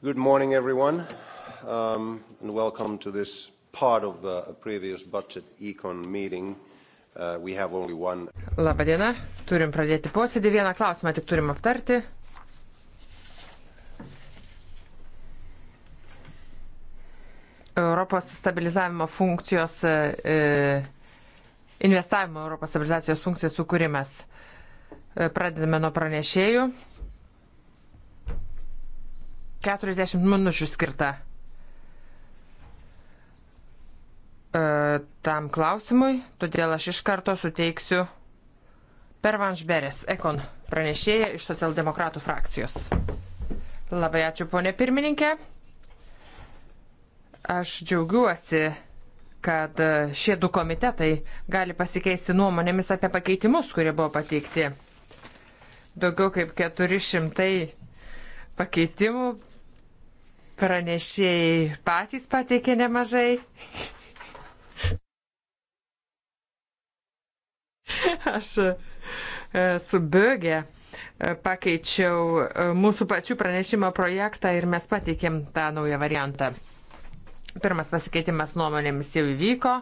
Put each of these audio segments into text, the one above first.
Good morning, everyone, um, and welcome to this part of uh, a previous budget econ meeting. Uh, we have only one. Labadiena, turim pradėti posėdį, vieną klausimą tik turim aptarti. Europos stabilizavimo funkcijos, e, e, investavimo Europos stabilizacijos funkcijos sukūrimas. E, pradedame nuo pranešėjų. 40 minučių skirta e, tam klausimui, todėl aš iš karto suteiksiu Pervanš Beres, Ekon pranešėja iš socialdemokratų frakcijos. Labai ačiū, ponė pirmininkė. Aš džiaugiuosi, kad šie du komitetai gali pasikeisti nuomonėmis apie pakeitimus, kurie buvo pateikti. Daugiau kaip 400 pakeitimų Pranešėjai patys pateikė nemažai. Aš e, su Bögė e, pakeičiau e, mūsų pačių pranešimo projektą ir mes pateikėm tą naują variantą. Pirmas pasikeitimas nuomonėmis jau įvyko.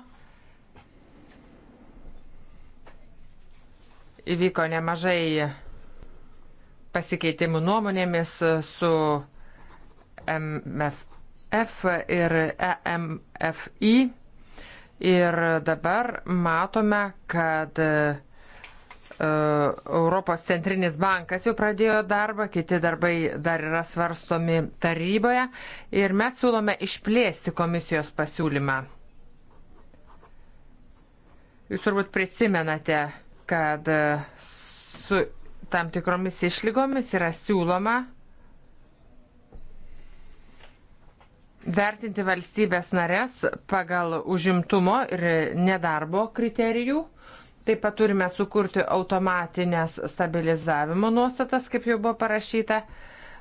Įvyko nemažai pasikeitimų nuomonėmis su uh, MFF ir EMFI. Ir dabar matome, kad e, Europos centrinis bankas jau pradėjo darbą, kiti darbai dar yra svarstomi taryboje ir mes siūlome išplėsti komisijos pasiūlymą. Jūs turbūt prisimenate, kad e, su tam tikromis išlygomis yra siūloma vertinti valstybės narės pagal užimtumo ir nedarbo kriterijų. Taip pat turime sukurti automatinės stabilizavimo nuostatas, kaip jau buvo parašyta.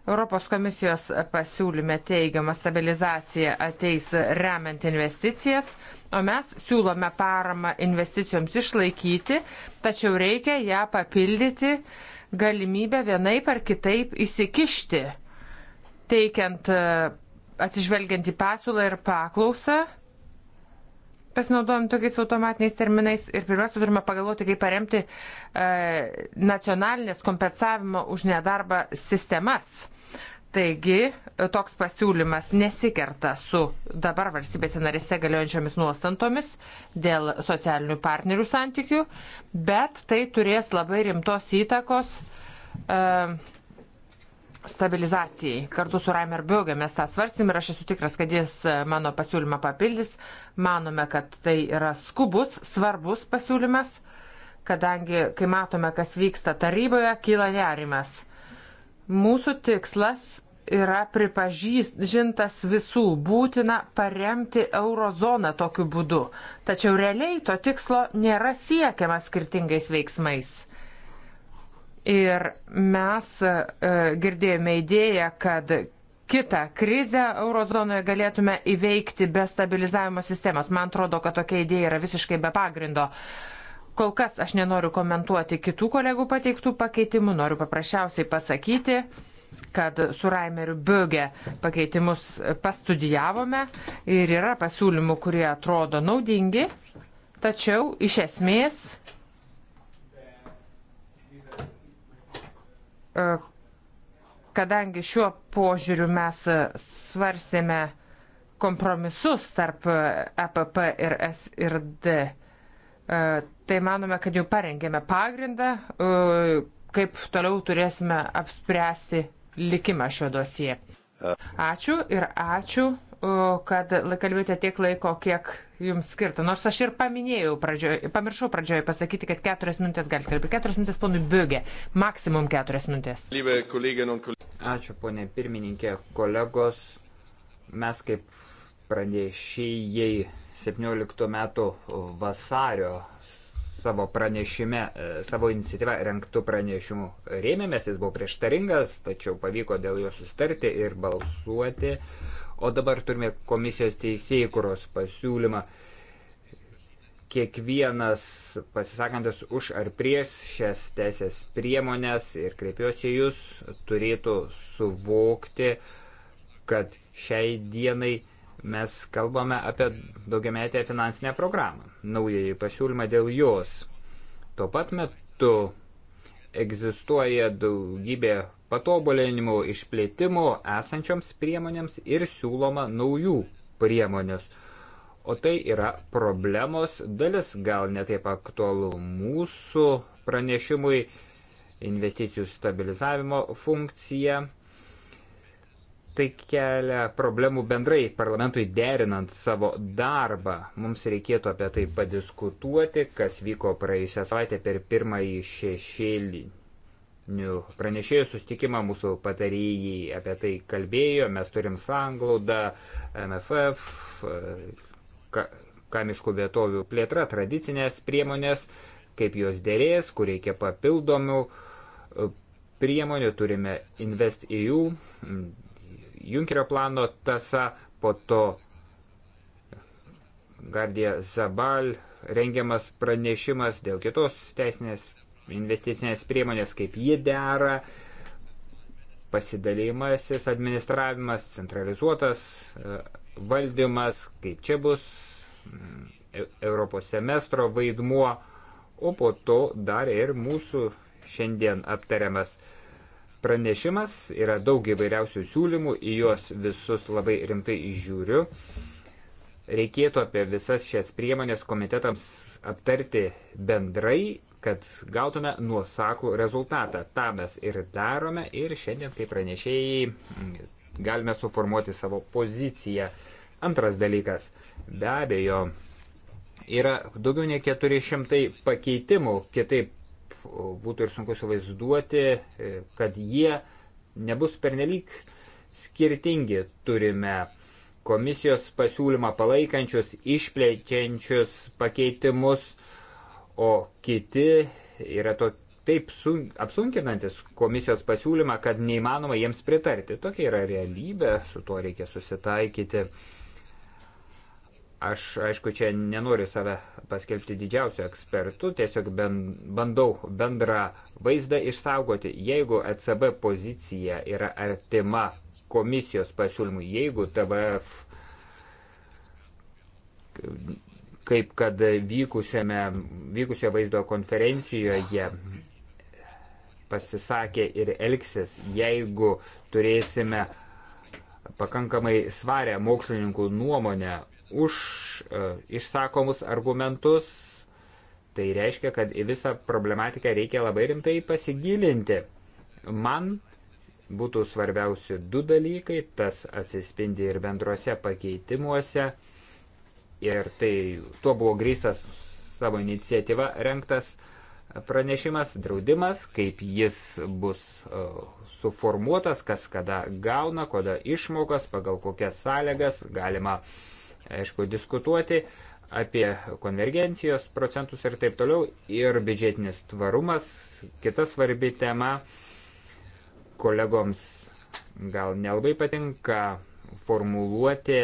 Europos komisijos pasiūlyme teigiama stabilizacija ateis remiant investicijas, o mes siūlome paramą investicijoms išlaikyti, tačiau reikia ją papildyti galimybę vienaip ar kitaip įsikišti, teikiant atsižvelgiant į pasiūlą ir paklausą, pasinaudojom tokiais automatiniais terminais ir pirmiausia turime pagalvoti, kaip paremti e, nacionalinės kompensavimo už nedarbą sistemas. Taigi toks pasiūlymas nesikerta su dabar valstybėse narėse galiojančiomis nuostantomis dėl socialinių partnerių santykių, bet tai turės labai rimtos įtakos e, stabilizacijai. Kartu su Raimer Böge mes tą svarstym ir aš esu tikras, kad jis e, mano pasiūlymą papildys. Manome, kad tai yra skubus, svarbus pasiūlymas, kadangi, kai matome, kas vyksta taryboje, kyla nerimas. Mūsų tikslas yra pripažįstas visų būtina paremti eurozoną tokiu būdu. Tačiau realiai to tikslo nėra siekiama skirtingais veiksmais Ir mes e, girdėjome idėją, kad kitą krizę eurozonoje galėtume įveikti be stabilizavimo sistemos. Man atrodo, kad tokia idėja yra visiškai be pagrindo. Kol kas aš nenoriu komentuoti kitų kolegų pateiktų pakeitimų, noriu paprasčiausiai pasakyti, kad su Raimeriu Böge pakeitimus pastudijavome ir yra pasiūlymų, kurie atrodo naudingi, tačiau iš esmės E, kadangi šiuo požiūriu mes svarstėme kompromisus tarp EPP ir S ir D, e, tai manome, kad jau parengėme pagrindą, e, kaip toliau turėsime apspręsti likimą šio dosie. Ačiū ir ačiū kad kalbėjote tiek laiko, kiek jums skirta. Nors aš ir paminėjau pradžioje, pamiršau pradžioje pasakyti, kad keturias minutės galite kalbėti. Keturias minutės ponui Biugė. Maksimum keturias minutės. Ačiū, ponė pirmininkė, kolegos. Mes kaip pranešėjai 17 metų vasario savo pranešime, e, savo iniciatyvą renktų pranešimų rėmėmės, jis buvo prieštaringas, tačiau pavyko dėl jo sustarti ir balsuoti. O dabar turime komisijos teisėjų, kurios pasiūlymą kiekvienas pasisakantis už ar prieš šias teisės priemonės ir kreipiuosi jūs turėtų suvokti, kad šiai dienai Mes kalbame apie daugiametę finansinę programą, naująjį pasiūlymą dėl jos. Tuo pat metu egzistuoja daugybė patobulinimų, išplėtimų esančioms priemonėms ir siūloma naujų priemonės. O tai yra problemos dalis, gal netaip aktualu mūsų pranešimui investicijų stabilizavimo funkcija tai kelia problemų bendrai parlamentui derinant savo darbą. Mums reikėtų apie tai padiskutuoti, kas vyko praėjusią savaitę per pirmąjį šešėlinių pranešėjų sustikimą. Mūsų patarėjai apie tai kalbėjo, mes turim sanglaudą, MFF, ka, kamiškų vietovių plėtra, tradicinės priemonės, kaip jos dėrės, kur reikia papildomų priemonių, turime Invest EU, Junkerio plano tasa, po to Gardija Zabal rengiamas pranešimas dėl kitos teisinės investicinės priemonės, kaip ji dera, pasidalėjimasis, administravimas, centralizuotas e, valdymas, kaip čia bus e, Europos semestro vaidmuo, o po to dar ir mūsų šiandien aptariamas pranešimas, yra daug įvairiausių siūlymų, į juos visus labai rimtai žiūriu. Reikėtų apie visas šias priemonės komitetams aptarti bendrai, kad gautume nuosaklų rezultatą. Ta mes ir darome ir šiandien kaip pranešėjai galime suformuoti savo poziciją. Antras dalykas, be abejo, yra daugiau nei 400 pakeitimų, kitaip būtų ir sunku suvaizduoti, e, kad jie nebus pernelyg skirtingi. Turime komisijos pasiūlymą palaikančius, išplečiančius pakeitimus, o kiti yra to taip sun, apsunkinantis komisijos pasiūlymą, kad neįmanoma jiems pritarti. Tokia yra realybė, su tuo reikia susitaikyti. Aš, aišku, čia nenoriu save paskelbti didžiausiu ekspertu, tiesiog ben, bandau bendrą vaizdą išsaugoti. Jeigu ECB pozicija yra artima komisijos pasiūlymų, jeigu TVF kaip kad vykusiame, vykusioje vaizdo konferencijoje pasisakė ir elgsis, jeigu turėsime pakankamai svarę mokslininkų nuomonę, už e, išsakomus argumentus. Tai reiškia, kad į visą problematiką reikia labai rimtai pasigilinti. Man būtų svarbiausi du dalykai, tas atsispindi ir bendruose pakeitimuose. Ir tai tuo buvo grįstas savo iniciatyva renktas pranešimas, draudimas, kaip jis bus e, suformuotas, kas kada gauna, kada išmokas, pagal kokias sąlygas galima uh, aišku, diskutuoti apie konvergencijos procentus ir taip toliau. Ir biudžetinis tvarumas, kita svarbi tema, kolegoms gal nelabai patinka formuluoti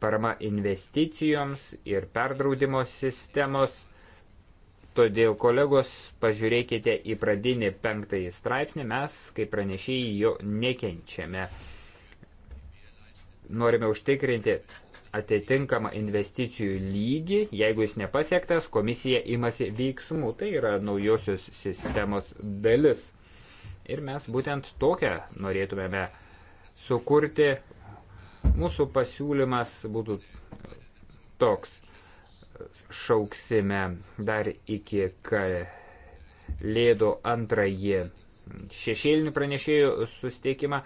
parama investicijoms ir perdraudimo sistemos. Todėl, kolegos, pažiūrėkite į pradinį penktąjį straipsnį, mes, kaip pranešėjai, jo nekenčiame. Norime užtikrinti atitinkamą investicijų lygį, jeigu jis nepasiektas, komisija imasi veiksmų. Tai yra naujosios sistemos dalis. Ir mes būtent tokią norėtumėme sukurti. Mūsų pasiūlymas būtų toks. Šauksime dar iki kalėdų antrąjį šešėlinių pranešėjų susitikimą,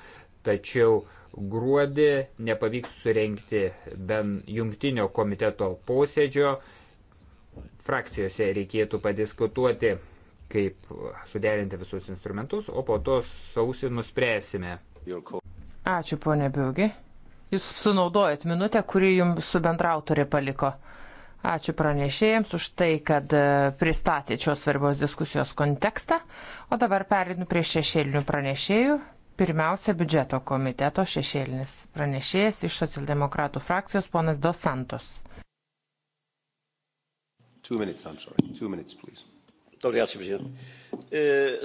tačiau uh, gruodį nepavyks surenkti bent jungtinio komiteto posėdžio. Frakcijose reikėtų padiskutuoti, kaip suderinti visus instrumentus, o po to sausį nuspręsime. Ačiū, ponė Biugi. Jūs sunaudojat minutę, kurį jums su bendrautorė paliko. Ačiū pranešėjams už tai, kad e, pristatėt šios svarbios diskusijos kontekstą. O dabar perinu prie šešėlinių pranešėjų. Pirmiausia, biudžeto komiteto šešėlinis pranešėjas iš socialdemokratų frakcijos ponas Dos Santos. Two minutes, I'm sorry. Two minutes, please. Eh,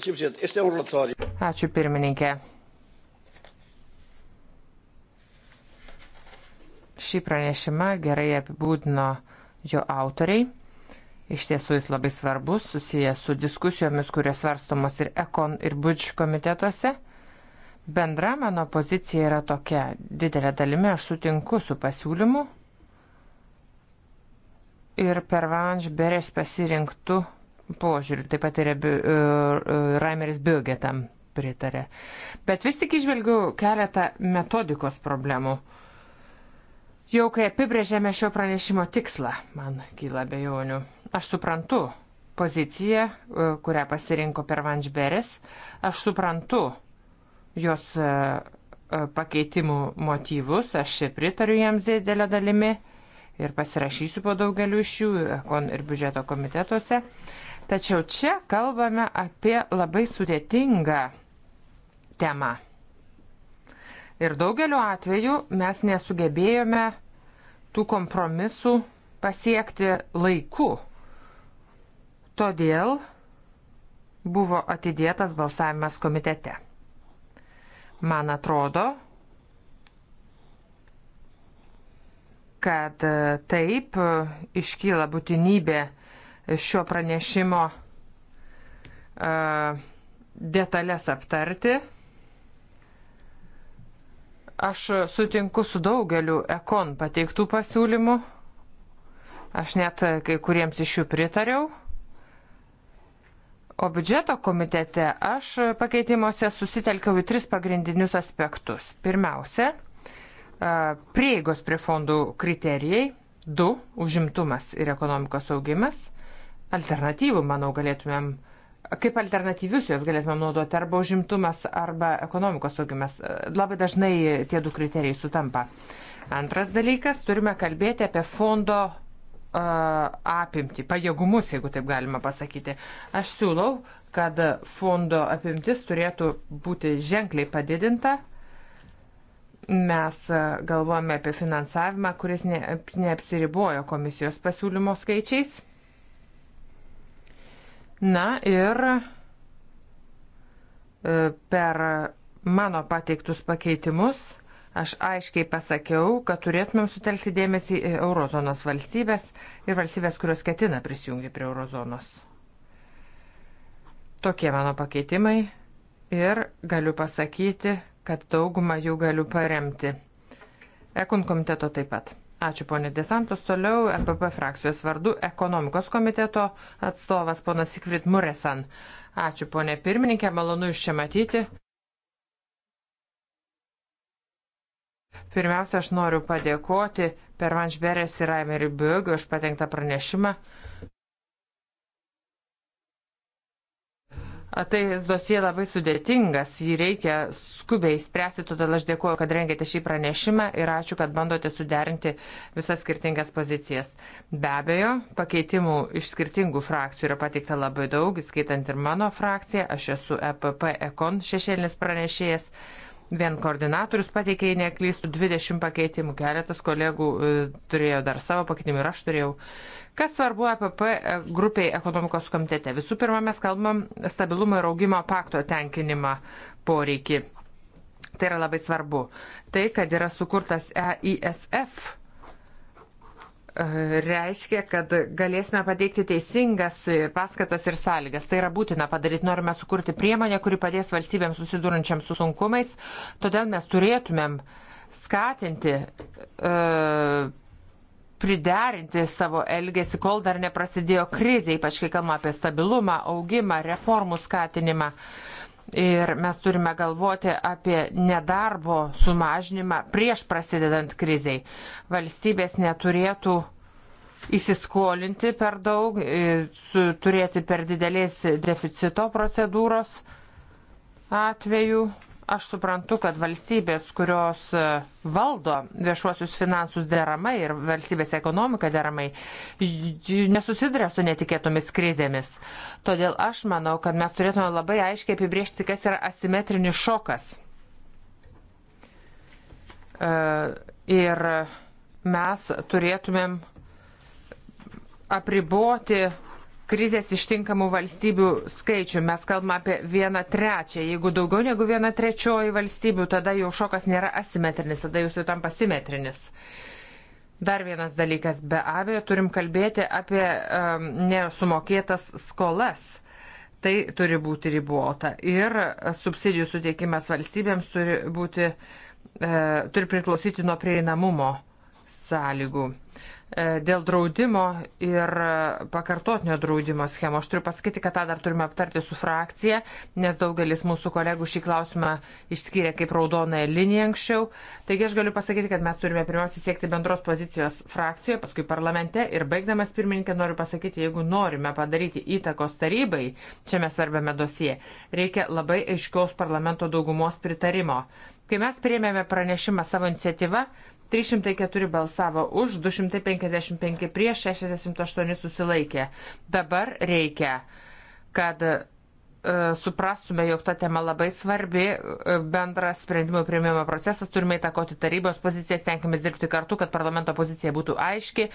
um Ačiū pirmininkė. Šį pranešimą gerai apibūdino jo autoriai. Iš tiesų jis labai svarbus, susijęs su diskusijomis, kurios svarstomos ir ekon ir budž komitetuose. Bendra mano pozicija yra tokia. Didelė dalimi aš sutinku su pasiūlymu ir per Vanž Berės pasirinktų požiūrių. Taip pat ir e, e, Raimeris Biugė tam pritarė. Bet vis tik išvelgiu keletą metodikos problemų. Jau kai apibrėžėme šio pranešimo tikslą, man kyla bejonių. Aš suprantu poziciją, e, kurią pasirinko per Vanžberis. Aš suprantu jos e, e, pakeitimų motyvus, aš pritariu jiems didelę dalimi ir pasirašysiu po daugeliu iš jų, kon ir biudžeto komitetuose. Tačiau čia kalbame apie labai sudėtingą temą. Ir daugeliu atveju mes nesugebėjome tų kompromisų pasiekti laiku. Todėl buvo atidėtas balsavimas komitete. Man atrodo, kad e, taip e, iškyla būtinybė šio pranešimo e, detalės aptarti. Aš sutinku su daugeliu ekon pateiktų pasiūlymų. Aš net kai kuriems iš jų pritariau. O biudžeto komitete aš pakeitimuose susitelkiau į tris pagrindinius aspektus. Pirmiausia, prieigos prie fondų kriterijai, du - užimtumas ir ekonomikos augimas. Alternatyvų, manau, galėtumėm, kaip alternatyvius juos galėtumėm naudoti arba užimtumas, arba ekonomikos augimas. Labai dažnai tie du kriterijai sutampa. Antras dalykas - turime kalbėti apie fondo apimti, pajėgumus, jeigu taip galima pasakyti. Aš siūlau, kad fondo apimtis turėtų būti ženkliai padidinta. Mes galvojame apie finansavimą, kuris neapsiribojo komisijos pasiūlymo skaičiais. Na ir per mano pateiktus pakeitimus Aš aiškiai pasakiau, kad turėtumėm sutelkti dėmesį į eurozonos valstybės ir valstybės, kurios ketina prisijungti prie eurozonos. Tokie mano pakeitimai ir galiu pasakyti, kad daugumą jų galiu paremti. Ekon komiteto taip pat. Ačiū ponė Desantos. Toliau EPP frakcijos vardu ekonomikos komiteto atstovas ponas Sikvrit Muresan. Ačiū ponė pirmininkė, malonu iš čia matyti. Pirmiausia, aš noriu padėkoti Pervanš Beres ir Raimeriui Biugui už patengtą pranešimą. Tai dosie labai sudėtingas, jį reikia skubiai spręsti, todėl aš dėkuoju, kad rengėte šį pranešimą ir ačiū, kad bandote suderinti visas skirtingas pozicijas. Be abejo, pakeitimų iš skirtingų frakcijų yra pateikta labai daug, įskaitant ir mano frakciją, aš esu EPP Ekon šešėlinis pranešėjas. Vien koordinatorius pateikė, jei neklystu, 20 pakeitimų. Keletas kolegų e, turėjo dar savo pakeitimų ir aš turėjau. Kas svarbu APP e, grupiai ekonomikos komitete? Visų pirma, mes kalbam stabilumo ir augimo pakto tenkinimą poreikį. Tai yra labai svarbu. Tai, kad yra sukurtas EISF reiškia, kad galėsime pateikti teisingas paskatas ir sąlygas. Tai yra būtina padaryti. Norime sukurti priemonę, kuri padės valstybėms susidurančiam su sunkumais. Todėl mes turėtumėm skatinti, e, priderinti savo elgesį, kol dar neprasidėjo krizė, ypač kai kalbame apie stabilumą, augimą, reformų skatinimą. Uh, ir mes turime galvoti apie nedarbo sumažinimą prieš prasidedant kriziai. Valstybės neturėtų įsiskolinti per daug, e, turėti per didelės deficito procedūros atveju Aš suprantu, kad valstybės, kurios e, valdo viešuosius finansus deramai ir valstybės ekonomiką deramai, nesusiduria su netikėtomis krizėmis. Todėl aš manau, kad mes turėtume labai aiškiai apibriežti, kas yra asimetrinis šokas. E, ir mes turėtumėm apriboti krizės ištinkamų valstybių skaičių. Mes kalbame apie vieną trečią. Jeigu daugiau negu viena trečioji valstybių, tada jau šokas nėra asimetrinis, tada jūs jau tam pasimetrinis. Dar vienas dalykas, be abejo, turim kalbėti apie um, nesumokėtas skolas. Tai turi būti ribota. Ir subsidijų suteikimas valstybėms turi, būti, e, turi priklausyti nuo prieinamumo sąlygų. E, dėl draudimo ir pakartotinio draudimo schemo. Aš turiu pasakyti, kad tą dar turime aptarti su frakcija, nes daugelis mūsų kolegų šį klausimą išskyrė kaip raudonąją liniją anksčiau. Taigi aš galiu pasakyti, kad mes turime pirmiausiai siekti bendros pozicijos frakcijoje, paskui parlamente ir baigdamas pirmininkę noriu pasakyti, jeigu norime padaryti įtakos tarybai šiame svarbiame dosie, reikia labai aiškios parlamento daugumos pritarimo. Kai mes priėmėme pranešimą savo iniciatyvą, 304 balsavo už, 255 prieš, 68 susilaikė. Dabar reikia, kad e, suprastume, jog ta tema labai svarbi, e, bendras sprendimų prieimimo procesas, turime įtakoti tarybos pozicijas, tenkimės dirbti kartu, kad parlamento pozicija būtų aiški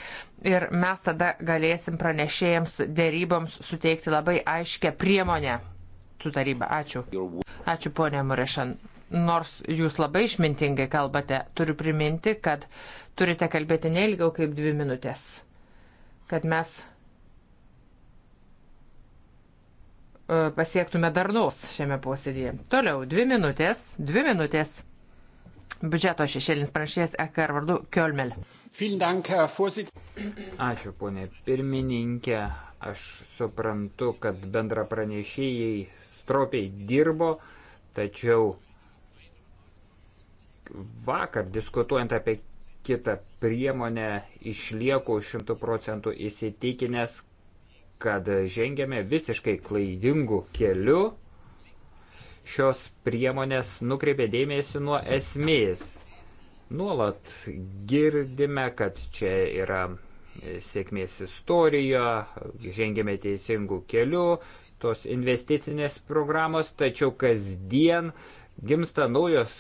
ir mes tada galėsim pranešėjams dėryboms suteikti labai aiškę priemonę su taryba. Ačiū. Ačiū ponė Murešan Nors jūs labai išmintingai kalbate, turiu priminti, kad turite kalbėti neilgiau kaip dvi minutės. Kad mes e, pasiektume darnaus šiame posėdėje. Toliau, dvi minutės, dvi minutės. Biudžeto šešėlinis pranešėjas EKR vardu Kielmel. Ačiū, ponė pirmininkė. Aš suprantu, kad bendra pranešėjai stropiai dirbo, tačiau vakar diskutuojant apie kitą priemonę išlieku šimtų procentų įsitikinęs, kad žengėme visiškai klaidingų kelių. Šios priemonės nukreipė dėmesį nuo esmės. Nuolat girdime, kad čia yra sėkmės istorija, žengėme teisingų kelių, tos investicinės programos, tačiau kasdien gimsta naujos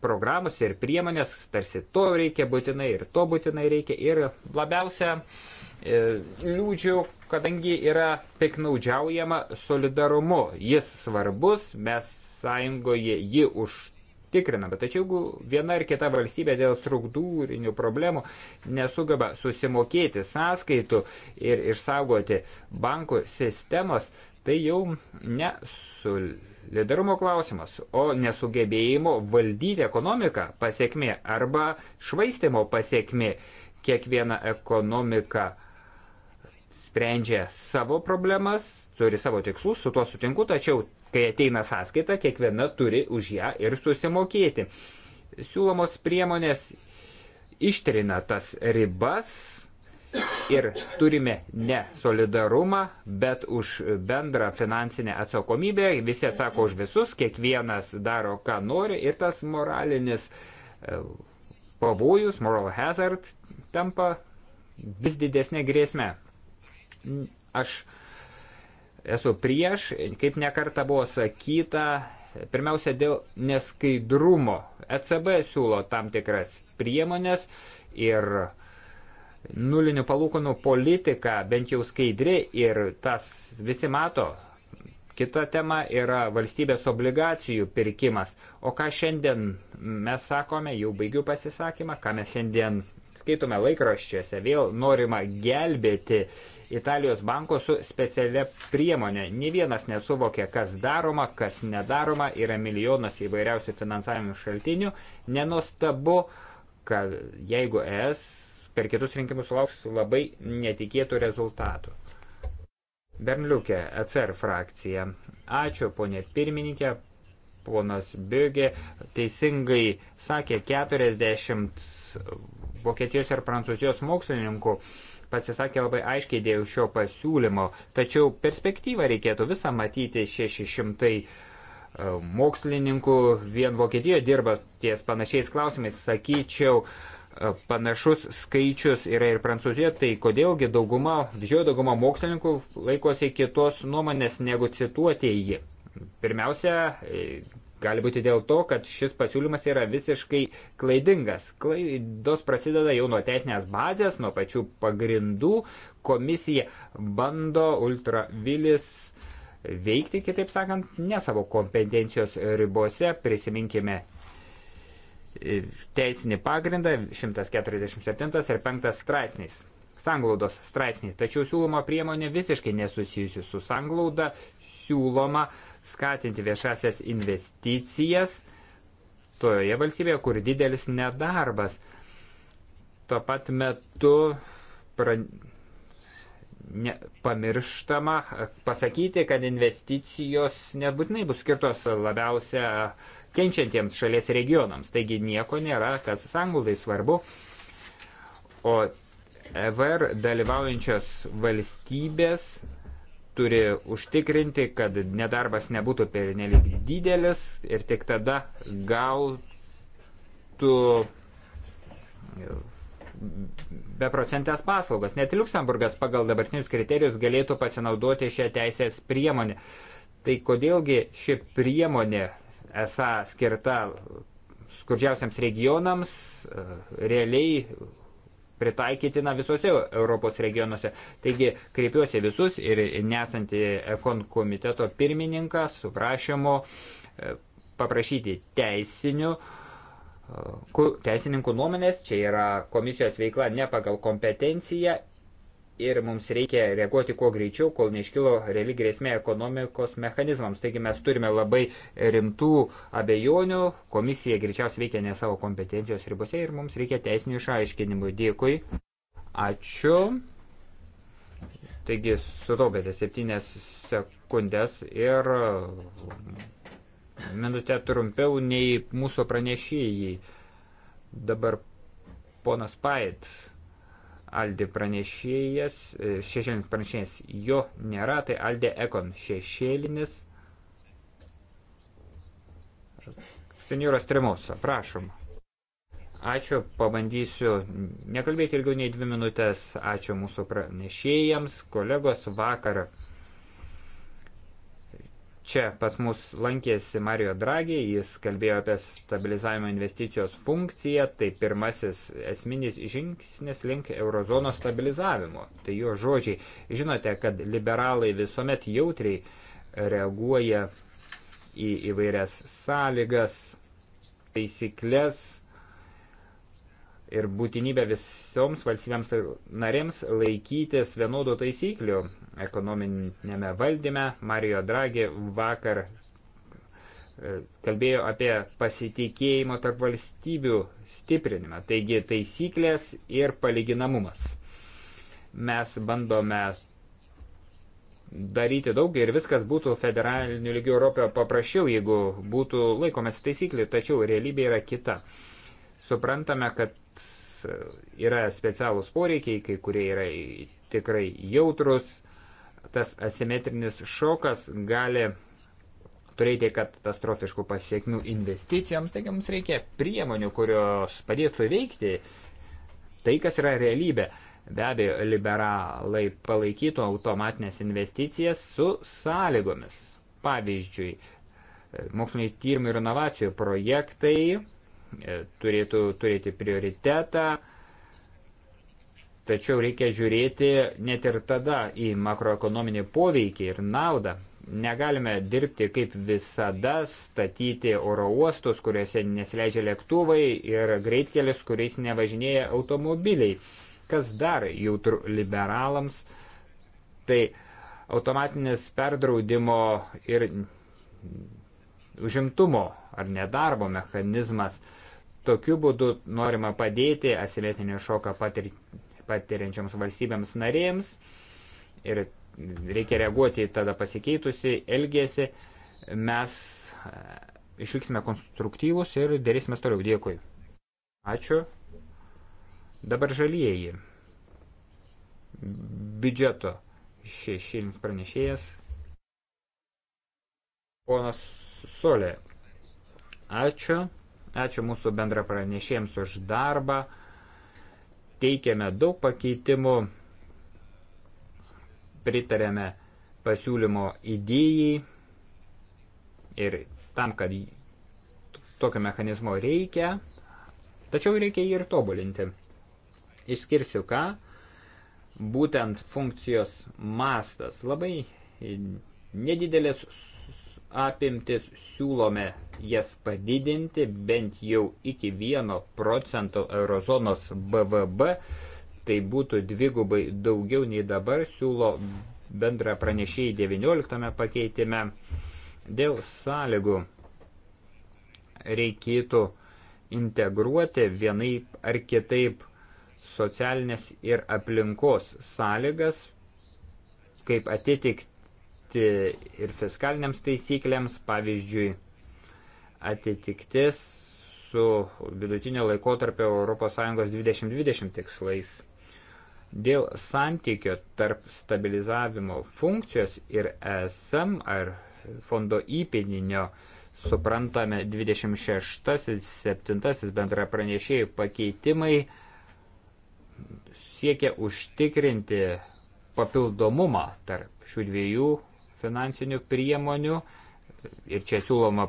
programos ir priemonės, tarsi to reikia būtinai ir to būtinai reikia. Ir labiausia e, liūdžiu, kadangi yra piknaudžiaujama solidarumu. Jis svarbus, mes sąjungoje jį užtikriname. Tačiau jeigu viena ar kita valstybė dėl struktūrinių problemų nesugeba susimokėti sąskaitų ir išsaugoti bankų sistemos, tai jau nesul liderumo klausimas, o nesugebėjimo valdyti ekonomiką pasiekmė arba švaistimo pasiekmė. Kiekviena ekonomika sprendžia savo problemas, turi savo tikslus, su tuo sutinku, tačiau kai ateina sąskaita, kiekviena turi už ją ir susimokėti. Siūlomos priemonės ištrina tas ribas ir turime ne solidarumą, bet už bendrą finansinę atsakomybę. Visi atsako už visus, kiekvienas daro, ką nori ir tas moralinis e, pavojus, moral hazard, tampa vis didesnė grėsmė. Aš esu prieš, kaip nekarta buvo sakyta, pirmiausia dėl neskaidrumo. ECB siūlo tam tikras priemonės ir uh, nulinių palūkanų politika bent jau skaidri ir tas visi mato. Kita tema yra valstybės obligacijų pirkimas. O ką šiandien mes sakome, jau baigiu pasisakymą, ką mes šiandien skaitome laikraščiuose, vėl norima gelbėti Italijos banko su specialia priemonė. Ne vienas nesuvokia, kas daroma, kas nedaroma, yra milijonas įvairiausių finansavimo šaltinių. Nenostabu, kad jeigu es per kitus rinkimus sulauks labai netikėtų rezultatų. Bernliukė, ECR frakcija. Ačiū, ponė pirmininkė, ponas Biugė. Teisingai sakė 40 Vokietijos ir Prancūzijos mokslininkų pasisakė labai aiškiai dėl šio pasiūlymo, tačiau perspektyvą reikėtų visą matyti 600 e, mokslininkų vien Vokietijoje dirba ties panašiais klausimais, sakyčiau, panašus skaičius yra ir Prancūzijoje, tai kodėlgi dauguma, didžioji dauguma mokslininkų laikosi kitos nuomonės negu cituotieji. Pirmiausia, gali būti dėl to, kad šis pasiūlymas yra visiškai klaidingas. Klaidos prasideda jau nuo teisinės bazės, nuo pačių pagrindų. Komisija bando ultravilis veikti, kitaip sakant, ne savo kompetencijos ribose. Prisiminkime teisinį pagrindą 147 ir 5 straipsniais. Sanglaudos straipsniais, tačiau siūloma priemonė visiškai nesusijusi su sanglauda, siūloma skatinti viešasias investicijas toje valstybėje, kur didelis nedarbas. Tuo pat metu pra... ne, pamirštama pasakyti, kad investicijos nebūtinai bus skirtos labiausia uh, kenčiantiems šalies regionams. Taigi nieko nėra, kas sanglaudai svarbu. O EVR dalyvaujančios valstybės turi užtikrinti, kad nedarbas nebūtų pernelyg didelis ir tik tada gautų beprocentės paslaugas. Net Luxemburgas pagal dabartinius kriterijus galėtų pasinaudoti šią teisės priemonę. Tai kodėlgi ši priemonė esą skirta skurdžiausiams regionams, e, realiai pritaikytina visose Europos regionuose. Taigi kreipiuosi visus ir nesantį ekon komiteto pirmininką su prašymu e, paprašyti teisinių, e, teisininkų nuomonės, čia yra komisijos veikla ne pagal kompetenciją ir mums reikia reaguoti kuo greičiau, kol neiškilo reali grėsmė ekonomikos mechanizmams. Taigi mes turime labai rimtų abejonių, komisija greičiausiai veikia ne savo kompetencijos ribose ir mums reikia teisinių išaiškinimų. Dėkui. Ačiū. Taigi sutaupėte septynės sekundės ir minutę trumpiau nei mūsų pranešėjai. Dabar ponas Pait. Aldi pranešėjas, e, šešėlinis pranešėjas jo nėra, tai Aldi Ekon šešėlinis. Senioras Tremausa, prašom. Ačiū, pabandysiu nekalbėti ilgiau nei dvi minutės. Ačiū mūsų pranešėjams, kolegos vakar Čia pas mus lankėsi Mario Draghi, jis kalbėjo apie stabilizavimo investicijos funkciją, tai pirmasis esminis žingsnis link eurozono stabilizavimo. Tai jo žodžiai. Žinote, kad liberalai visuomet jautriai reaguoja į įvairias sąlygas, taisyklės ir būtinybę visoms valstybėms narėms laikytis vienodų taisyklių ekonominėme valdyme. Mario Draghi vakar e, kalbėjo apie pasitikėjimo tarp valstybių stiprinimą. Taigi taisyklės ir palyginamumas. Mes bandome daryti daug ir viskas būtų federaliniu lygiu Europoje paprasčiau, jeigu būtų laikomės taisyklių, tačiau realybė yra kita. Suprantame, kad yra specialūs poreikiai, kai kurie yra tikrai jautrus, tas asimetrinis šokas gali turėti katastrofiškų pasiekmių investicijoms, taigi mums reikia priemonių, kurios padėtų veikti tai, kas yra realybė. Be abejo, liberalai palaikytų automatinės investicijas su sąlygomis. Pavyzdžiui, moksliniai tyrimų ir inovacijų projektai e, turėtų turėti prioritetą, Tačiau reikia žiūrėti net ir tada į makroekonominį poveikį ir naudą. Negalime dirbti kaip visada, statyti oro uostus, kuriuose nesileidžia lėktuvai ir greitkelis, kuriais nevažinėja automobiliai. Kas dar jautru liberalams, tai automatinis perdraudimo ir užimtumo ar nedarbo mechanizmas. Tokiu būdu norima padėti asimetrinį šoką patirti patiriančioms valstybėms narėms ir reikia reaguoti į tada pasikeitusi elgesį. Mes e, išliksime konstruktyvus ir dėrėsime toliau. Dėkui. Ačiū. Dabar žalieji. Biudžeto šešėlinis pranešėjas. Ponas Solė. Ačiū. Ačiū mūsų bendra pranešėjams už darbą teikėme daug pakeitimų, pritarėme pasiūlymo idėjai ir tam, kad tokio mechanizmo reikia, tačiau reikia jį ir tobulinti. Išskirsiu ką, būtent funkcijos mastas labai nedidelės apimtis siūlome jas padidinti bent jau iki 1 procento eurozonos BVB, tai būtų dvigubai daugiau nei dabar siūlo bendra pranešėjai 19 pakeitime. Dėl sąlygų reikėtų integruoti vienaip ar kitaip socialinės ir aplinkos sąlygas kaip atitikti ir fiskaliniams taisyklėms, pavyzdžiui, atitiktis su vidutinio laikotarpio ES 2020 tikslais. Dėl santykio tarp stabilizavimo funkcijos ir ESM ar fondo įpėdinio suprantame 26-7 bendra pranešėjų pakeitimai siekia užtikrinti papildomumą tarp šių dviejų finansinių priemonių ir čia siūloma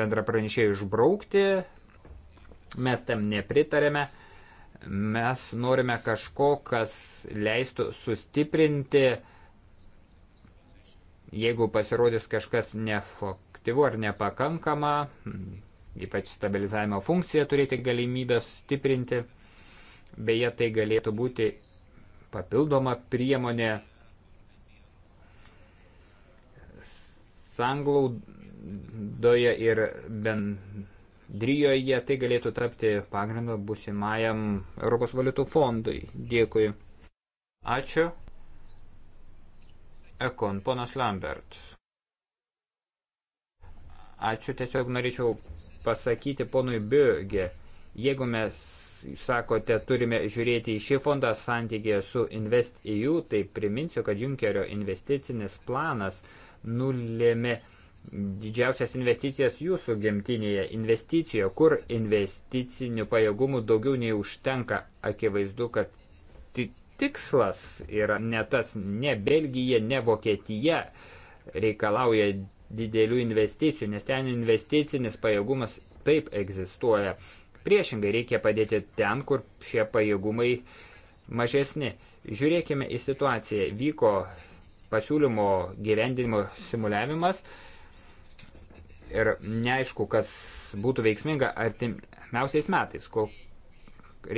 bendra pranešėjai išbraukti, mes tam nepritarėme, mes norime kažko, kas leistų sustiprinti, jeigu pasirodys kažkas nefaktyvu ar nepakankama, ypač stabilizavimo funkciją turėti galimybę stiprinti, beje tai galėtų būti papildoma priemonė sanglaudoje ir bendryjoje tai galėtų tapti pagrindu busimajam Europos valiutų fondui. Dėkui. Ačiū. Ekon, ponas Lambert. Ačiū, tiesiog norėčiau pasakyti ponui Biugė, jeigu mes sakote, turime žiūrėti į šį fondą santykėje su InvestEU, tai priminsiu, kad Junkerio investicinis planas nulėmė didžiausias investicijas jūsų gimtinėje investicijoje, kur investicinių pajėgumų daugiau nei užtenka. Akivaizdu, kad tikslas yra ne tas, ne Belgija, ne Vokietija reikalauja didelių investicijų, nes ten investicinis pajėgumas taip egzistuoja. Priešingai reikia padėti ten, kur šie pajėgumai mažesni. Žiūrėkime į situaciją. Vyko pasiūlymo gyvendinimo simuliavimas ir neaišku, kas būtų veiksminga artimiausiais metais, kol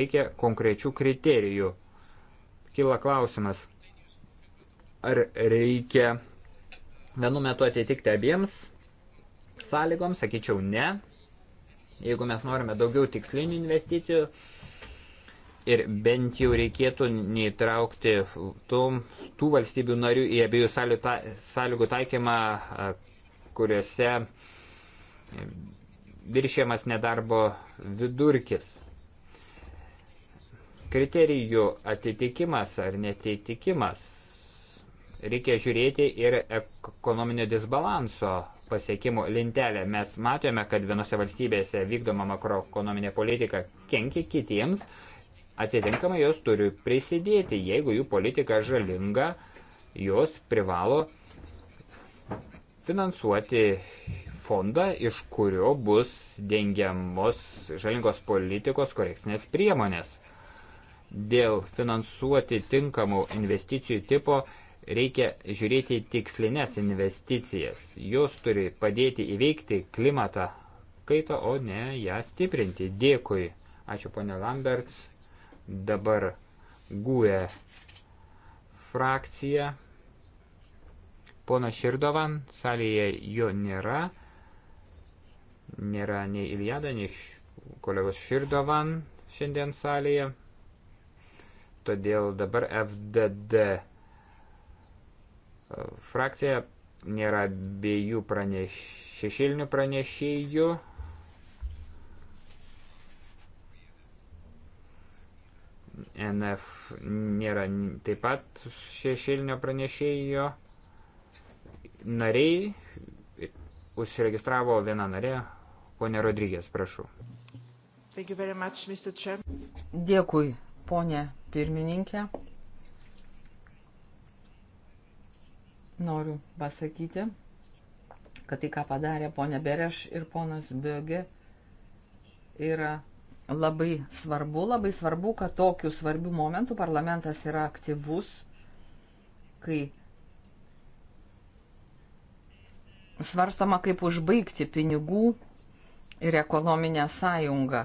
reikia konkrečių kriterijų. Kila klausimas, ar reikia vienu metu atitikti abiems sąlygoms, sakyčiau ne. Jeigu mes norime daugiau tikslinių investicijų, ir bent jau reikėtų neįtraukti tų, tų valstybių narių į abiejų ta, sąlygų taikymą, kuriuose e, viršėmas nedarbo vidurkis. Kriterijų atitikimas ar netitikimas reikia žiūrėti ir ekonominio disbalanso pasiekimų lentelę. Mes matome, kad vienose valstybėse vykdoma makroekonominė politika kenkia kitiems, Atitinkamai jos turi prisidėti, jeigu jų politika žalinga, jos privalo finansuoti fondą, iš kurio bus dengiamos žalingos politikos korekcinės priemonės. Dėl finansuoti tinkamų investicijų tipo reikia žiūrėti tikslinės investicijas. Jos turi padėti įveikti klimatą kaitą, o ne ją stiprinti. Dėkui. Ačiū, ponė Lamberts. Dabar gūė e frakcija. Pona Širdovan, salėje jo nėra. Nėra nei Iljada, nei kolegos Širdovan šiandien salėje. Todėl dabar FDD e, frakcija nėra abiejų praneš, šešilinių pranešėjų NF nėra taip pat šešėlinio pranešėjo. Nariai užsiregistravo viena narė, ponė Rodrygės, prašau. Much, Dėkui, ponė pirmininkė. Noriu pasakyti, kad tai, ką padarė ponė Bereš ir ponas Bögė, yra labai svarbu, labai svarbu, kad tokiu svarbiu momentu parlamentas yra aktyvus, kai svarstama, kaip užbaigti pinigų ir ekonominę sąjungą.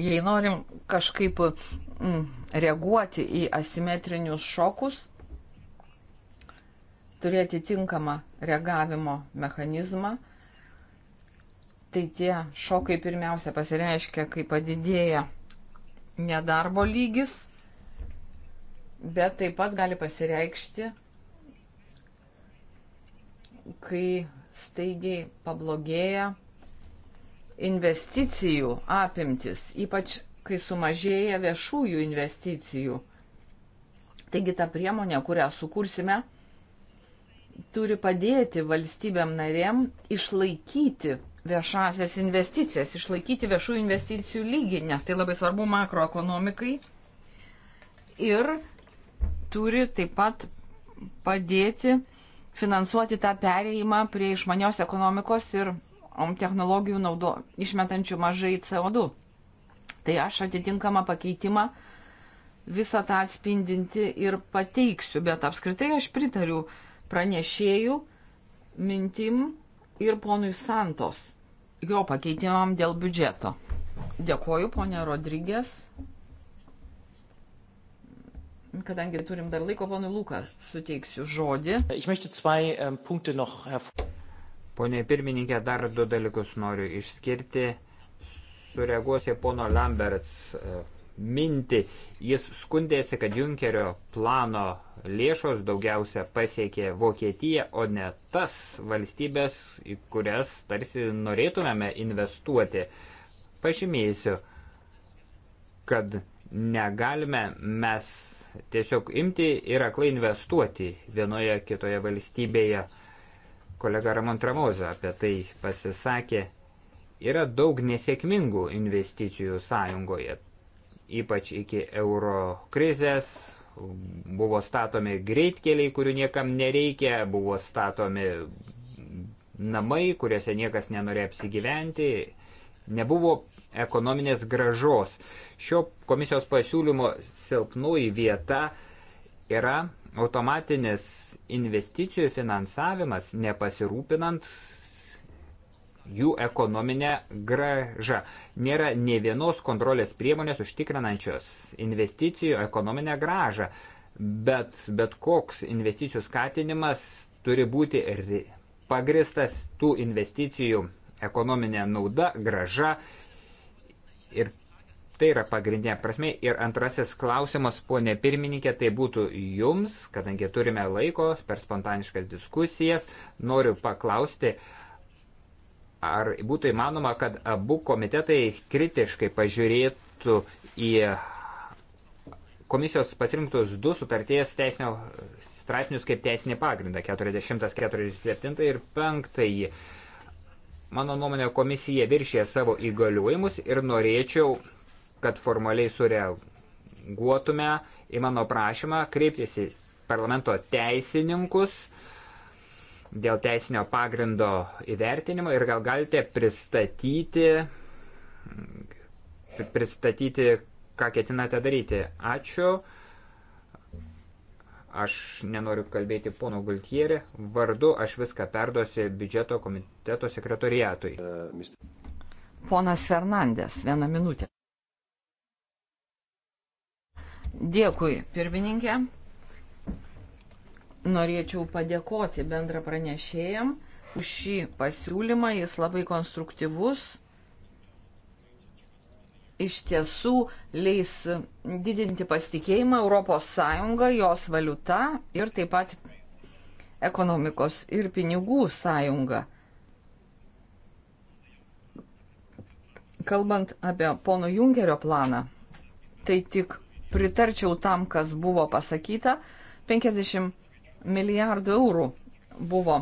Jei norim kažkaip mm, reaguoti į asimetrinius šokus, turėti tinkamą reagavimo mechanizmą, tai tie šokai pirmiausia pasireiškia, kai padidėja nedarbo lygis, bet taip pat gali pasireikšti, kai staigiai pablogėja investicijų apimtis, ypač kai sumažėja viešųjų investicijų. Taigi ta priemonė, kurią sukursime, turi padėti valstybėm narėm išlaikyti viešasias investicijas, išlaikyti viešų investicijų lygį, nes tai labai svarbu makroekonomikai. Ir turi taip pat padėti finansuoti tą perėjimą prie išmanios ekonomikos ir um, technologijų naudo, išmetančių mažai CO2. Tai aš atitinkamą pakeitimą visą tą atspindinti ir pateiksiu, bet apskritai aš pritariu pranešėjų mintim, ir ponui Santos jo pakeitimam dėl biudžeto. Dėkoju, ponė Rodrygės. Kadangi turim dar laiko, ponui Luka, suteiksiu žodį. Ähm, Pone pirmininkė, dar du dalykus noriu išskirti. Sureaguosiu pono Lamberts e, mintį. Jis skundėsi, kad Junkerio plano lėšos daugiausia pasiekė Vokietiją, o ne tas valstybės, į kurias tarsi norėtumėme investuoti. Pažymėsiu, kad negalime mes tiesiog imti ir aklai investuoti vienoje kitoje valstybėje. Kolega Ramon Tramoza apie tai pasisakė. Yra daug nesėkmingų investicijų sąjungoje, ypač iki euro krizės, Buvo statomi greitkeliai, kurių niekam nereikia, buvo statomi namai, kuriuose niekas nenorėjo apsigyventi, nebuvo ekonominės gražos. Šio komisijos pasiūlymo silpnoji vieta yra automatinis investicijų finansavimas, nepasirūpinant jų ekonominę gražą. Nėra ne vienos kontrolės priemonės užtikrinančios investicijų ekonominę gražą, bet bet koks investicijų skatinimas turi būti pagristas tų investicijų ekonominė nauda, graža ir Tai yra pagrindinė prasme. Ir antrasis klausimas, ponė pirmininkė, tai būtų jums, kadangi turime laiko per spontaniškas diskusijas, noriu paklausti, ar būtų įmanoma, kad abu komitetai kritiškai pažiūrėtų į komisijos pasirinktus du sutarties teisinio straipsnius kaip teisinį pagrindą 40, 47 ir 5. Mano nuomonė, komisija viršė savo įgaliojimus ir norėčiau, kad formaliai sureaguotume į mano prašymą kreiptis į parlamento teisininkus dėl teisinio pagrindo įvertinimo ir gal galite pristatyti, pristatyti, ką ketinate daryti. Ačiū. Aš nenoriu kalbėti pono Gultierį. Vardu aš viską perduosiu biudžeto komiteto sekretoriatui. E, Ponas Fernandės, vieną minutę. Dėkui, pirmininkė norėčiau padėkoti bendra pranešėjam už šį pasiūlymą, jis labai konstruktyvus. Iš tiesų leis didinti pasitikėjimą ES, jos valiuta ir taip pat ekonomikos ir pinigų sąjunga. Kalbant apie pono Junkerio planą, tai tik pritarčiau tam, kas buvo pasakyta. 50 milijardų eurų buvo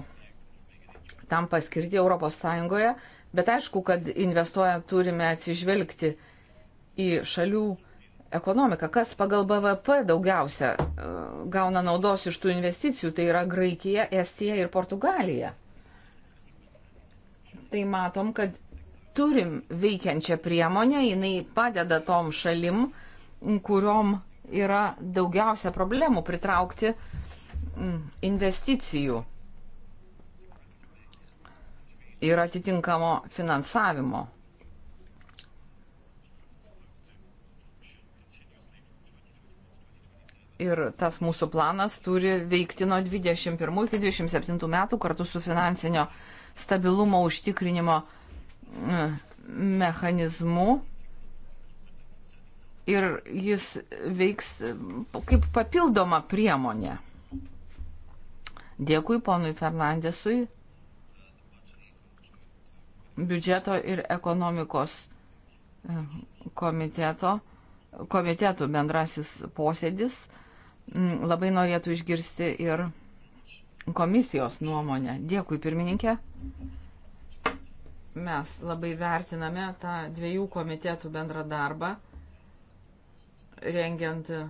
tam paskirti ES, bet aišku, kad investuojant turime atsižvelgti į šalių ekonomiką. Kas pagal BVP daugiausia e, gauna naudos iš tų investicijų, tai yra Graikija, Estija ir Portugalija. Tai matom, kad turim veikiančią priemonę, jinai padeda tom šalim, kuriom yra daugiausia problemų pritraukti uh, investicijų ir atitinkamo finansavimo. Ir tas mūsų planas turi veikti nuo 21 iki 27 metų kartu su finansinio stabilumo užtikrinimo mm, mechanizmu. Ir jis veiks kaip papildoma priemonė. Dėkui ponui Fernandesui. Biudžeto ir ekonomikos e, komiteto, komitetų bendrasis posėdis mm, labai norėtų išgirsti ir komisijos nuomonę. Dėkui pirmininkė. Mes labai vertiname tą dviejų komitetų bendrą darbą, rengiant e,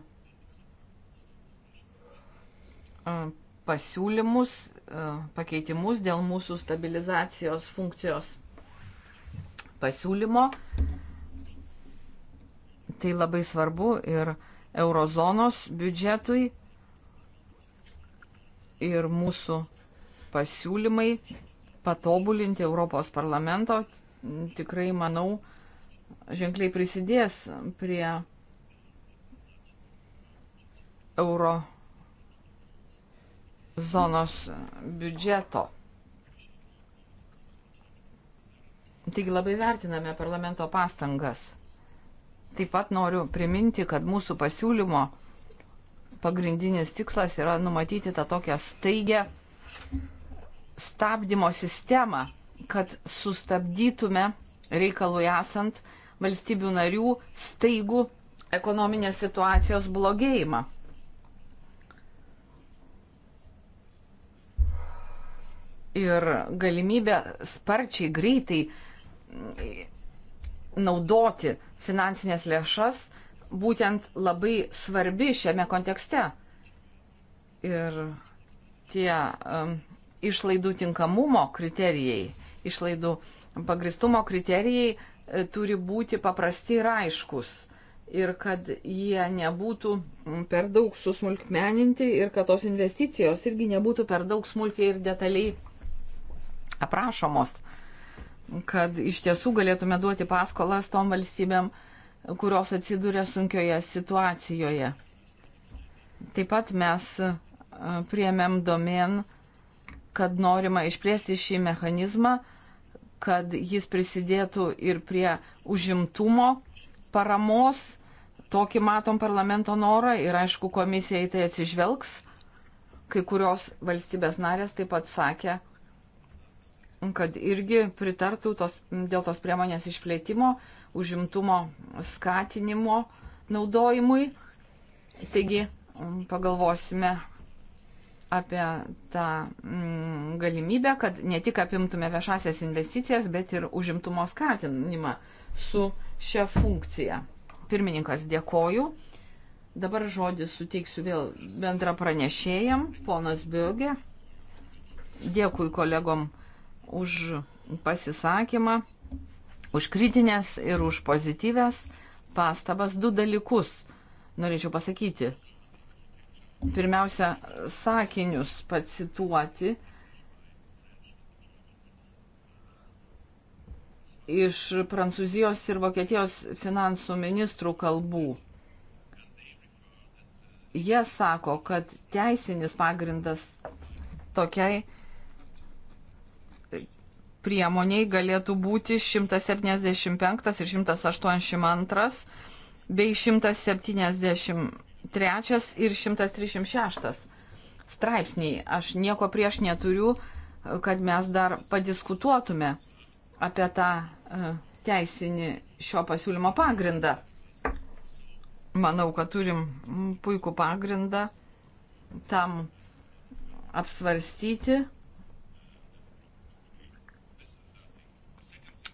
pasiūlymus, e, pakeitimus dėl mūsų stabilizacijos funkcijos pasiūlymo. Tai labai svarbu ir eurozonos biudžetui, ir mūsų pasiūlymai patobulinti Europos parlamento tikrai, manau, ženkliai prisidės prie euro zonos biudžeto. Taigi labai vertiname parlamento pastangas. Taip pat noriu priminti, kad mūsų pasiūlymo pagrindinis tikslas yra numatyti tą tokią staigę stabdymo sistemą, kad sustabdytume reikalui esant valstybių narių staigų ekonominės situacijos blogėjimą. ir galimybę sparčiai, greitai naudoti finansinės lėšas būtent labai svarbi šiame kontekste. Ir tie um, išlaidų tinkamumo kriterijai, išlaidų pagristumo kriterijai e, turi būti paprasti ir aiškus. Ir kad jie nebūtų per daug susmulkmeninti ir kad tos investicijos irgi nebūtų per daug smulkiai ir detaliai aprašomos, kad iš tiesų galėtume duoti paskolas tom valstybėm, kurios atsiduria sunkioje situacijoje. Taip pat mes e, priemėm domen, kad norima išplėsti šį mechanizmą, kad jis prisidėtų ir prie užimtumo paramos. Tokį matom parlamento norą ir aišku, komisija į tai atsižvelgs. Kai kurios valstybės narės taip pat sakė, kad irgi pritartų tos, dėl tos priemonės išplėtimo, užimtumo skatinimo naudojimui. Taigi pagalvosime apie tą mm, galimybę, kad ne tik apimtume viešasias investicijas, bet ir užimtumo skatinimą su šia funkcija. Pirmininkas dėkoju. Dabar žodį suteiksiu vėl bendra pranešėjam, ponas Biogė. Dėkui kolegom už pasisakymą, už kritinės ir už pozityvės pastabas. Du dalykus norėčiau pasakyti. Pirmiausia, sakinius pacituoti iš Prancūzijos ir Vokietijos finansų ministrų kalbų. Jie sako, kad teisinis pagrindas tokiai priemoniai galėtų būti 175 ir 182 bei 173 ir 136 straipsniai. Aš nieko prieš neturiu, kad mes dar padiskutuotume apie tą e, teisinį šio pasiūlymo pagrindą. Manau, kad turim puikų pagrindą tam apsvarstyti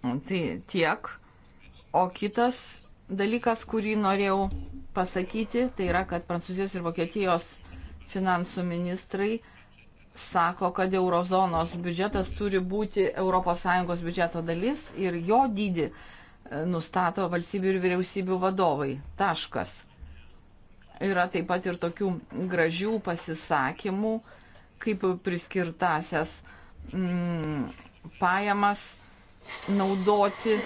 Nu, tai tiek. O kitas dalykas, kurį norėjau pasakyti, tai yra, kad Prancūzijos ir Vokietijos finansų ministrai sako, kad eurozonos biudžetas turi būti ES biudžeto dalis ir jo dydį e, nustato valstybių ir vyriausybių vadovai. Taškas. Yra taip pat ir tokių gražių pasisakymų, kaip priskirtasias mm, pajamas naudoti.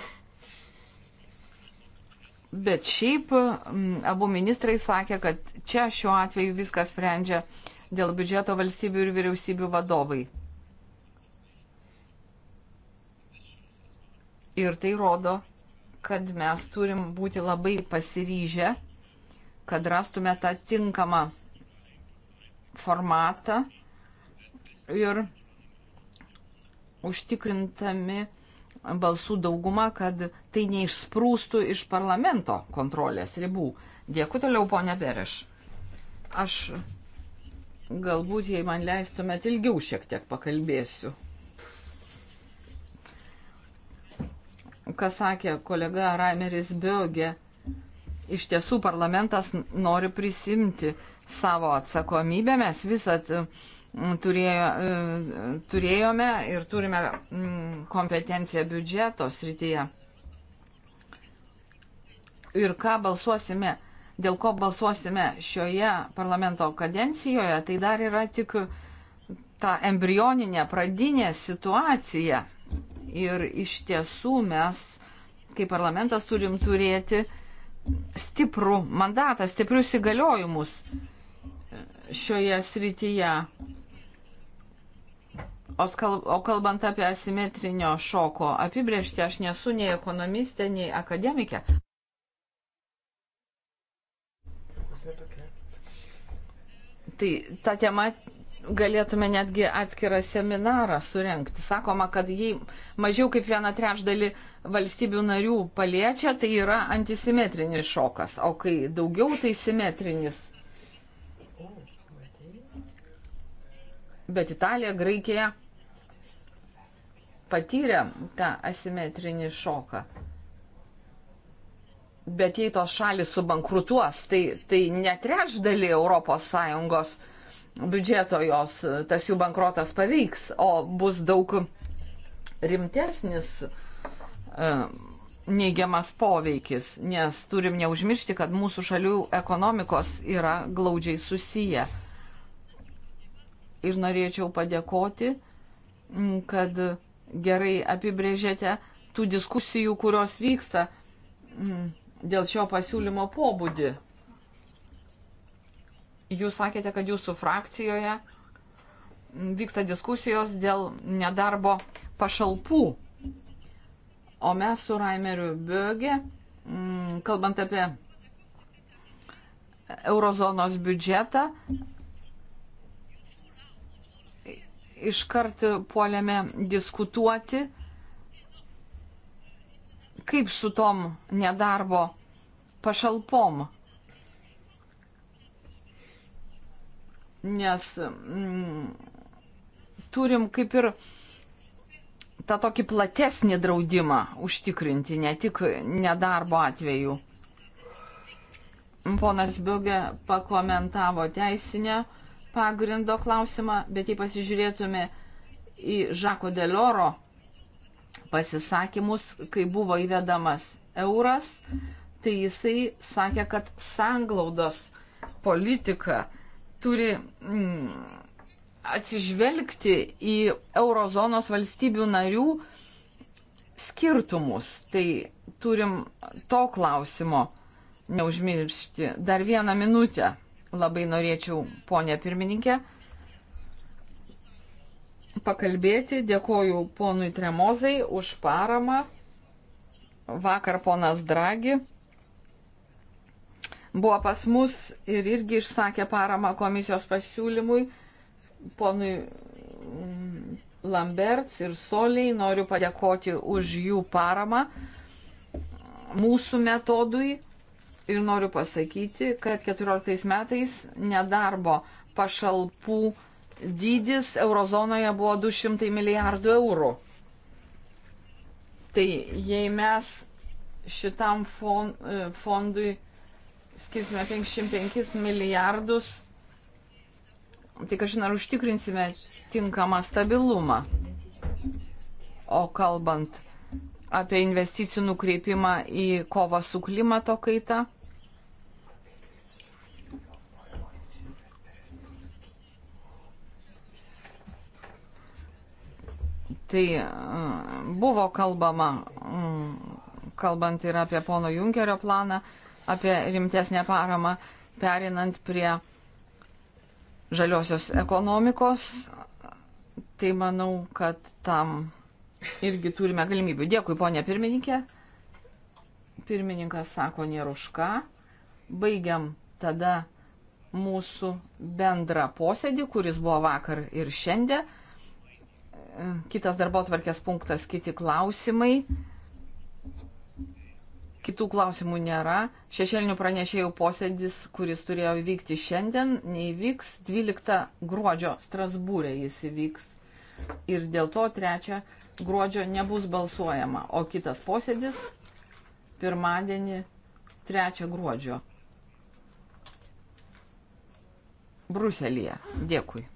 Bet šiaip abu ministrai sakė, kad čia šiuo atveju viskas sprendžia dėl biudžeto valstybių ir vyriausybių vadovai. Ir tai rodo, kad mes turim būti labai pasiryžę, kad rastume tą tinkamą formatą ir užtikrintami balsų dauguma, kad tai neišsprūstų iš parlamento kontrolės ribų. Dėkui toliau, ponia Bereš. Aš galbūt, jei man leistumėt, ilgiau šiek tiek pakalbėsiu. Ką sakė kolega Raimeris Biogė, iš tiesų parlamentas nori prisimti savo atsakomybę, mes visat uh, turėjo, e, turėjome ir turime mm, kompetenciją biudžeto srityje. Ir ką balsuosime, dėl ko balsuosime šioje parlamento kadencijoje, tai dar yra tik ta embrioninė pradinė situacija. Ir iš tiesų mes, kaip parlamentas, turim turėti stiprų mandatą, stiprius įgaliojimus šioje srityje. O kalbant apie asimetrinio šoko apibriežtį, aš nesu nei ekonomistė, nei akademikė. Tai ta tema galėtume netgi atskirą seminarą surenkti. Sakoma, kad jei mažiau kaip vieną trečdalį valstybių narių paliečia, tai yra antisimetrinis šokas, o kai daugiau, tai simetrinis Bet Italija, Graikija patyrė tą asimetrinį šoką. Bet jei tos šalis subankrutuos, tai, tai netrečdalį ES biudžeto jos, tas jų bankrotas paveiks, o bus daug rimtesnis e, neigiamas poveikis, nes turim neužmiršti, kad mūsų šalių ekonomikos yra glaudžiai susiję ir norėčiau padėkoti, mm, kad gerai apibrėžėte tų diskusijų, kurios vyksta mm, dėl šio pasiūlymo pobūdį. Jūs sakėte, kad jūsų frakcijoje mm, vyksta diskusijos dėl nedarbo pašalpų. O mes su Raimeriu Böge, kalbant apie eurozonos biudžetą, iškart puolėme diskutuoti, kaip su tom nedarbo pašalpom. Nes mm, turim kaip ir tą tokį platesnį draudimą užtikrinti, ne tik nedarbo atveju. Ponas Biugė pakomentavo teisinę uh, pagrindo klausimą, bet jei pasižiūrėtume į Žako Delioro pasisakymus, kai buvo įvedamas euras, tai jisai sakė, kad sanglaudos politika turi mm, atsižvelgti į eurozonos valstybių narių skirtumus. Tai turim to klausimo neužmiršti. Dar vieną minutę. Labai norėčiau, ponė pirmininkė, pakalbėti. Dėkoju ponui Tremozai už paramą. Vakar ponas Dragi buvo pas mus ir irgi išsakė paramą komisijos pasiūlymui. Ponui mm, Lamberts ir Soliai noriu padėkoti už jų paramą mūsų metodui ir noriu pasakyti, kad 14 metais nedarbo pašalpų dydis eurozonoje buvo 200 milijardų eurų. Tai jei mes šitam fon, fondui skirsime 505 milijardus, tai kažin ar užtikrinsime tinkamą stabilumą. O kalbant apie investicijų nukreipimą į kovą su klimato kaita, Tai mm, buvo kalbama, mm, kalbant ir apie pono Junkerio planą, apie rimtesnę paramą, perinant prie žaliosios ekonomikos. Tai manau, kad tam irgi turime galimybių. Dėkui, ponė pirmininkė. Pirmininkas sako nėra už ką. Baigiam tada mūsų bendrą posėdį, kuris buvo vakar ir šiandien. Kitas darbo tvarkės punktas, kiti klausimai. Kitų klausimų nėra. Šešėlinių pranešėjų posėdis, kuris turėjo vykti šiandien, neįvyks. 12 gruodžio Strasbūrė jis įvyks. Ir dėl to 3 gruodžio nebus balsuojama. O kitas posėdis pirmadienį 3 gruodžio. Bruselėje. Dėkui.